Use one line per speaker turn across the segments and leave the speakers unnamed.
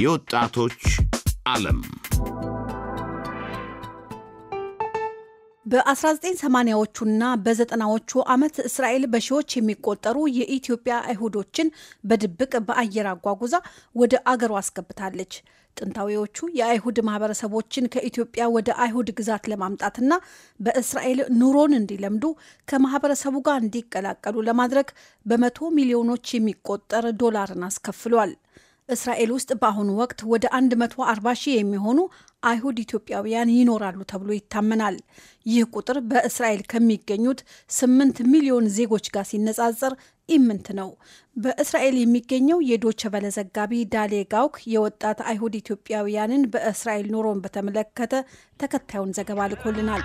የወጣቶች ዓለም
በ1980ዎቹና በዘጠናዎቹ ዓመት እስራኤል በሺዎች የሚቆጠሩ የኢትዮጵያ አይሁዶችን በድብቅ በአየር አጓጉዛ ወደ አገሯ አስገብታለች። ጥንታዊዎቹ የአይሁድ ማህበረሰቦችን ከኢትዮጵያ ወደ አይሁድ ግዛት ለማምጣትና በእስራኤል ኑሮን እንዲለምዱ ከማህበረሰቡ ጋር እንዲቀላቀሉ ለማድረግ በመቶ ሚሊዮኖች የሚቆጠር ዶላርን አስከፍሏል። እስራኤል ውስጥ በአሁኑ ወቅት ወደ 140 ሺህ የሚሆኑ አይሁድ ኢትዮጵያውያን ይኖራሉ ተብሎ ይታመናል። ይህ ቁጥር በእስራኤል ከሚገኙት 8 ሚሊዮን ዜጎች ጋር ሲነጻጸር ኢምንት ነው። በእስራኤል የሚገኘው የዶቸ ቨለ ዘጋቢ ዳሌ ጋውክ የወጣት አይሁድ ኢትዮጵያውያንን በእስራኤል ኑሮን በተመለከተ ተከታዩን ዘገባ ልኮልናል።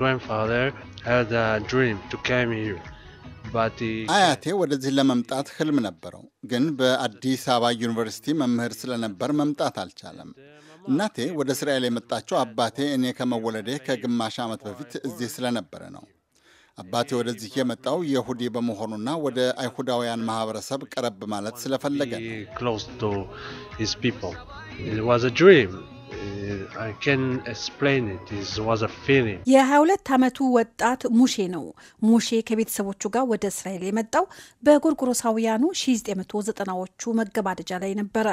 grandfather had a dream to come here.
አያቴ ወደዚህ ለመምጣት ህልም ነበረው፣ ግን በአዲስ አበባ ዩኒቨርሲቲ መምህር ስለነበር መምጣት አልቻለም። እናቴ ወደ እስራኤል የመጣችው አባቴ እኔ ከመወለዴ ከግማሽ ዓመት በፊት እዚህ ስለነበረ ነው። አባቴ ወደዚህ የመጣው የሁዲ በመሆኑና ወደ አይሁዳውያን ማህበረሰብ ቀረብ ማለት ስለፈለገ ነው። Uh,
የ22 ዓመቱ ወጣት ሙሼ ነው። ሙሼ ከቤተሰቦቹ ጋር ወደ እስራኤል የመጣው በጎርጎሮሳውያኑ 1990ዎቹ መገባደጃ ላይ ነበረ።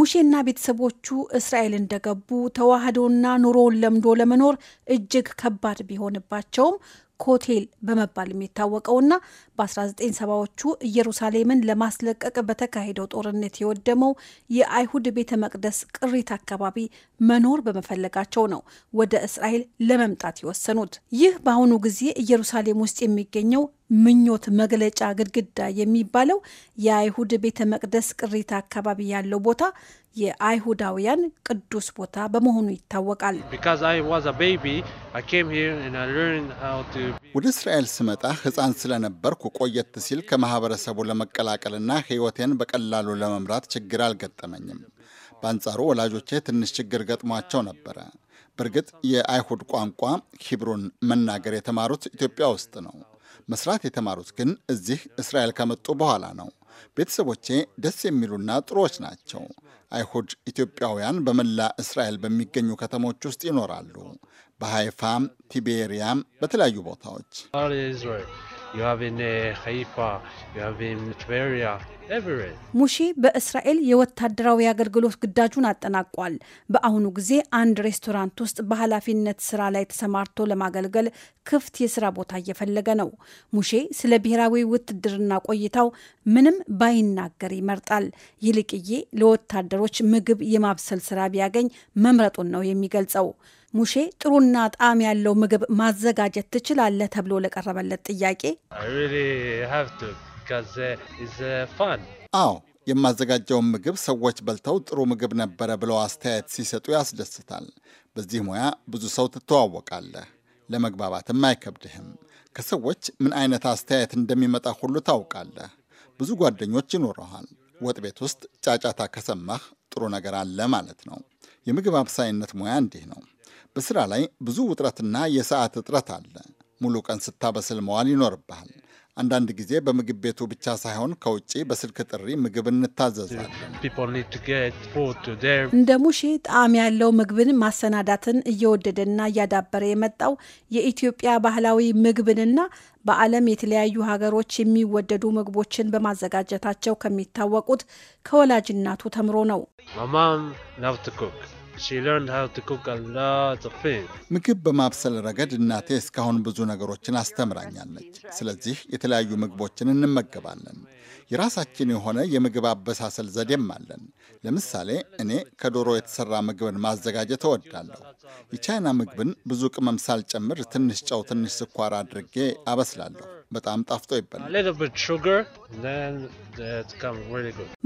ሙሼና ቤተሰቦቹ እስራኤል እንደገቡ ተዋህዶና ኑሮውን ለምዶ ለመኖር እጅግ ከባድ ቢሆንባቸውም ኮቴል በመባል የሚታወቀውና በ1970ዎቹ ኢየሩሳሌምን ለማስለቀቅ በተካሄደው ጦርነት የወደመው የአይሁድ ቤተ መቅደስ ቅሪት አካባቢ መኖር በመፈለጋቸው ነው ወደ እስራኤል ለመምጣት የወሰኑት። ይህ በአሁኑ ጊዜ ኢየሩሳሌም ውስጥ የሚገኘው ምኞት መግለጫ ግድግዳ የሚባለው የአይሁድ ቤተ መቅደስ ቅሪተ አካባቢ ያለው ቦታ የአይሁዳውያን ቅዱስ ቦታ በመሆኑ ይታወቃል።
ወደ እስራኤል ስመጣ ሕፃን ስለነበርኩ ቆየት ሲል ከማህበረሰቡ ለመቀላቀልና ሕይወቴን በቀላሉ ለመምራት ችግር አልገጠመኝም። በአንጻሩ ወላጆቼ ትንሽ ችግር ገጥሟቸው ነበረ። በእርግጥ የአይሁድ ቋንቋ ሂብሩን መናገር የተማሩት ኢትዮጵያ ውስጥ ነው። መስራት የተማሩት ግን እዚህ እስራኤል ከመጡ በኋላ ነው። ቤተሰቦቼ ደስ የሚሉና ጥሩዎች ናቸው። አይሁድ ኢትዮጵያውያን በመላ እስራኤል በሚገኙ ከተሞች ውስጥ ይኖራሉ። በሃይፋም፣ ቲቤሪያም፣ በተለያዩ ቦታዎች
you have in uh, Haifa, you have in Tveria,
ሙሺ በእስራኤል የወታደራዊ
አገልግሎት ግዳጁን አጠናቋል። በአሁኑ ጊዜ አንድ ሬስቶራንት ውስጥ በኃላፊነት ስራ ላይ ተሰማርቶ ለማገልገል ክፍት የስራ ቦታ እየፈለገ ነው። ሙሼ ስለ ብሔራዊ ውትድርና ቆይታው ምንም ባይናገር ይመርጣል። ይልቅዬ ለወታደሮች ምግብ የማብሰል ስራ ቢያገኝ መምረጡን ነው የሚገልጸው። ሙሼ ጥሩና ጣዕም ያለው ምግብ ማዘጋጀት ትችላለህ ተብሎ ለቀረበለት ጥያቄ
uh, uh, አዎ፣ የማዘጋጀውን ምግብ ሰዎች በልተው ጥሩ ምግብ ነበረ ብለው አስተያየት ሲሰጡ ያስደስታል። በዚህ ሙያ ብዙ ሰው ትተዋወቃለህ፣ ለመግባባትም አይከብድህም። ከሰዎች ምን አይነት አስተያየት እንደሚመጣ ሁሉ ታውቃለህ። ብዙ ጓደኞች ይኖረሃል። ወጥ ቤት ውስጥ ጫጫታ ከሰማህ ጥሩ ነገር አለ ማለት ነው። የምግብ አብሳይነት ሙያ እንዲህ ነው። በስራ ላይ ብዙ ውጥረትና የሰዓት እጥረት አለ። ሙሉ ቀን ስታበስል መዋል ይኖርብሃል። አንዳንድ ጊዜ በምግብ ቤቱ ብቻ ሳይሆን ከውጭ በስልክ ጥሪ ምግብ እንታዘዛለን።
እንደ ሙሺ ጣዕም ያለው ምግብን ማሰናዳትን እየወደደና እያዳበረ የመጣው የኢትዮጵያ ባህላዊ ምግብንና በዓለም የተለያዩ ሀገሮች የሚወደዱ ምግቦችን በማዘጋጀታቸው ከሚታወቁት ከወላጅናቱ ተምሮ
ነው።
ምግብ በማብሰል ረገድ እናቴ እስካሁን ብዙ ነገሮችን አስተምራኛለች። ስለዚህ የተለያዩ ምግቦችን እንመገባለን። የራሳችን የሆነ የምግብ አበሳሰል ዘዴም አለን። ለምሳሌ እኔ ከዶሮ የተሰራ ምግብን ማዘጋጀት እወዳለሁ። የቻይና ምግብን ብዙ ቅመም ሳልጨምር ትንሽ ጨው፣ ትንሽ ስኳር አድርጌ አበስላለሁ። በጣም ጣፍጦ ይበላል።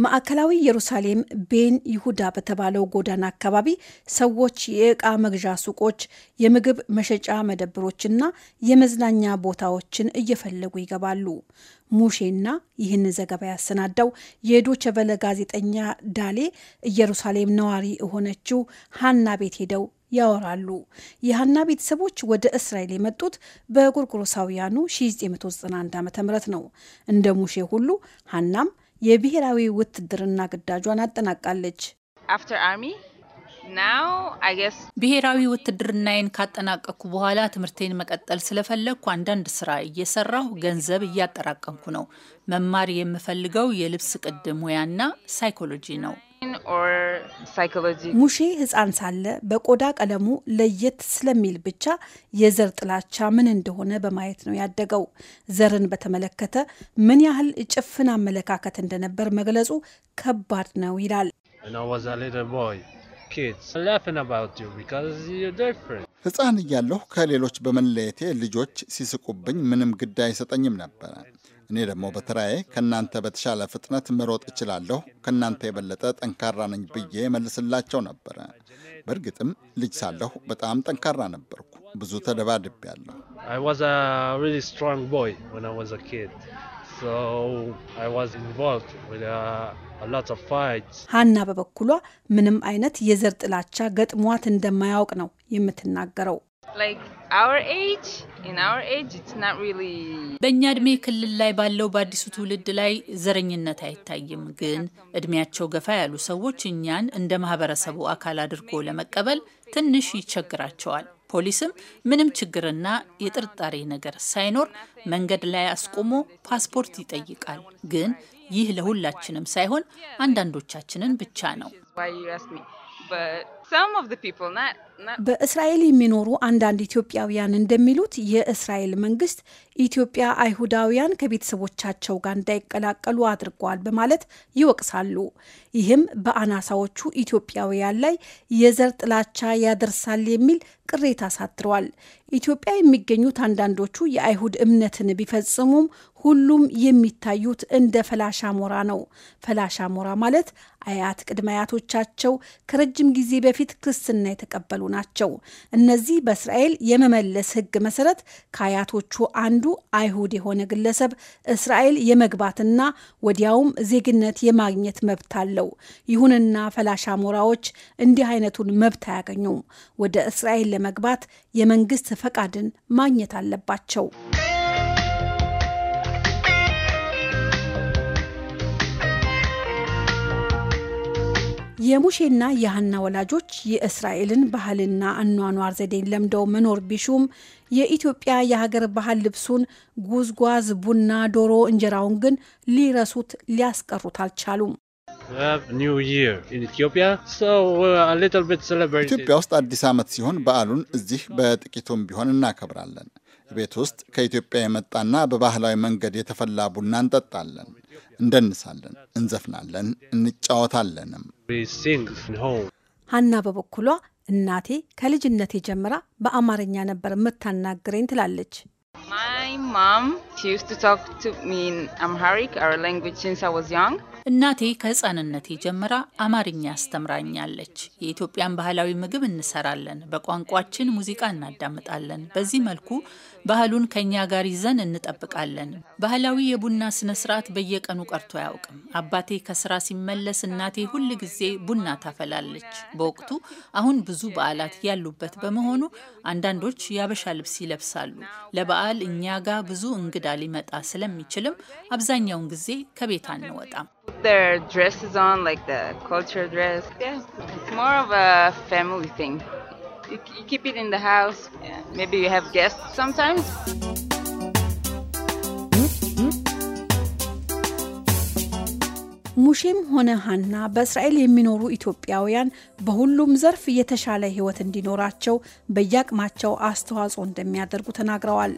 ማዕከላዊ ኢየሩሳሌም
ቤን ይሁዳ በተባለው ጎዳና አካባቢ ሰዎች የእቃ መግዣ ሱቆች፣ የምግብ መሸጫ መደብሮችና የመዝናኛ ቦታዎችን እየፈለጉ ይገባሉ። ሙሼና ይህን ዘገባ ያሰናዳው የዶቸቨለ ጋዜጠኛ ዳሌ ኢየሩሳሌም ነዋሪ የሆነችው ሀና ቤት ሄደው ያወራሉ። የሀና ቤተሰቦች ወደ እስራኤል የመጡት በጎርጎሮሳውያኑ 1991 ዓ ም ነው። እንደ ሙሼ ሁሉ ሀናም የብሔራዊ ውትድርና ግዳጇን አጠናቃለች።
ብሔራዊ ውትድርናዬን ካጠናቀቅኩ በኋላ ትምህርቴን መቀጠል ስለፈለግኩ አንዳንድ ስራ እየሰራሁ ገንዘብ እያጠራቀምኩ ነው። መማር የምፈልገው የልብስ ቅድ ሙያና ሳይኮሎጂ ነው። ሙሼ
ህፃን ሳለ በቆዳ ቀለሙ ለየት ስለሚል ብቻ የዘር ጥላቻ ምን እንደሆነ በማየት ነው ያደገው። ዘርን በተመለከተ ምን ያህል ጭፍን አመለካከት እንደነበር መግለጹ ከባድ ነው ይላል።
ህፃን እያለሁ ከሌሎች በመለየቴ ልጆች ሲስቁብኝ ምንም ግድ አይሰጠኝም ነበረ። እኔ ደግሞ በተራዬ ከእናንተ በተሻለ ፍጥነት መሮጥ እችላለሁ፣ ከእናንተ የበለጠ ጠንካራ ነኝ ብዬ መልስላቸው ነበረ። በእርግጥም ልጅ ሳለሁ በጣም ጠንካራ ነበርኩ። ብዙ ተደባድቤያለሁ።
ሀና
በበኩሏ ምንም አይነት የዘር ጥላቻ ገጥሟት እንደማያውቅ ነው የምትናገረው።
በእኛ ዕድሜ ክልል ላይ ባለው በአዲሱ ትውልድ ላይ ዘረኝነት አይታይም። ግን እድሜያቸው ገፋ ያሉ ሰዎች እኛን እንደ ማህበረሰቡ አካል አድርጎ ለመቀበል ትንሽ ይቸግራቸዋል። ፖሊስም ምንም ችግርና የጥርጣሬ ነገር ሳይኖር መንገድ ላይ አስቆሞ ፓስፖርት ይጠይቃል። ግን ይህ ለሁላችንም ሳይሆን አንዳንዶቻችንን ብቻ ነው። በእስራኤል የሚኖሩ
አንዳንድ ኢትዮጵያውያን እንደሚሉት የእስራኤል መንግስት ኢትዮጵያ አይሁዳውያን ከቤተሰቦቻቸው ጋር እንዳይቀላቀሉ አድርጓል በማለት ይወቅሳሉ። ይህም በአናሳዎቹ ኢትዮጵያውያን ላይ የዘር ጥላቻ ያደርሳል የሚል ቅሬታ አሳድረዋል። ኢትዮጵያ የሚገኙት አንዳንዶቹ የአይሁድ እምነትን ቢፈጽሙም ሁሉም የሚታዩት እንደ ፈላሻ ሞራ ነው። ፈላሻ ሞራ ማለት አያት ቅድመ አያቶቻቸው ከረጅም ጊዜ በፊት ክርስትና የተቀበሉ ናቸው። እነዚህ በእስራኤል የመመለስ ህግ መሰረት ከአያቶቹ አንዱ አይሁድ የሆነ ግለሰብ እስራኤል የመግባትና ወዲያውም ዜግነት የማግኘት መብት አለው። ይሁንና ፈላሻ ሞራዎች እንዲህ አይነቱን መብት አያገኙም። ወደ እስራኤል ለመግባት የመንግስት ፈቃድን ማግኘት አለባቸው። የሙሼና የሀና ወላጆች የእስራኤልን ባህልና አኗኗር ዘዴን ለምደው መኖር ቢሹም የኢትዮጵያ የሀገር ባህል ልብሱን ጉዝጓዝ፣ ቡና፣ ዶሮ፣ እንጀራውን ግን ሊረሱት ሊያስቀሩት አልቻሉም።
ኢትዮጵያ ውስጥ አዲስ ዓመት ሲሆን በዓሉን እዚህ በጥቂቱም ቢሆን እናከብራለን። ቤት ውስጥ ከኢትዮጵያ የመጣና በባህላዊ መንገድ የተፈላ ቡና እንጠጣለን፣ እንደንሳለን፣ እንዘፍናለን፣ እንጫወታለንም።
ሀና በበኩሏ እናቴ ከልጅነቴ ጀምራ በአማርኛ ነበር የምታናግረኝ ትላለች።
My mom, she used to
እናቴ ከህፃንነቴ ጀምራ አማርኛ አስተምራኛለች። የኢትዮጵያን ባህላዊ ምግብ እንሰራለን፣ በቋንቋችን ሙዚቃ እናዳምጣለን። በዚህ መልኩ ባህሉን ከእኛ ጋር ይዘን እንጠብቃለን። ባህላዊ የቡና ስነ ስርዓት በየቀኑ ቀርቶ አያውቅም። አባቴ ከስራ ሲመለስ እናቴ ሁል ጊዜ ቡና ታፈላለች። በወቅቱ አሁን ብዙ በዓላት ያሉበት በመሆኑ አንዳንዶች ያበሻ ልብስ ይለብሳሉ። ለበዓል እኛ ጋር ብዙ እንግዳ ሊመጣ ስለሚችልም አብዛኛውን ጊዜ ከቤት አንወጣም። put their dresses on, like the culture dress. Yeah, it's more of a family thing. You, you keep it in the house.
Yeah, maybe you have guests sometimes.
ሙሼም ሆነ ሀና በእስራኤል የሚኖሩ ኢትዮጵያውያን በሁሉም ዘርፍ የተሻለ ሕይወት እንዲኖራቸው በየአቅማቸው አስተዋጽኦ እንደሚያደርጉ ተናግረዋል።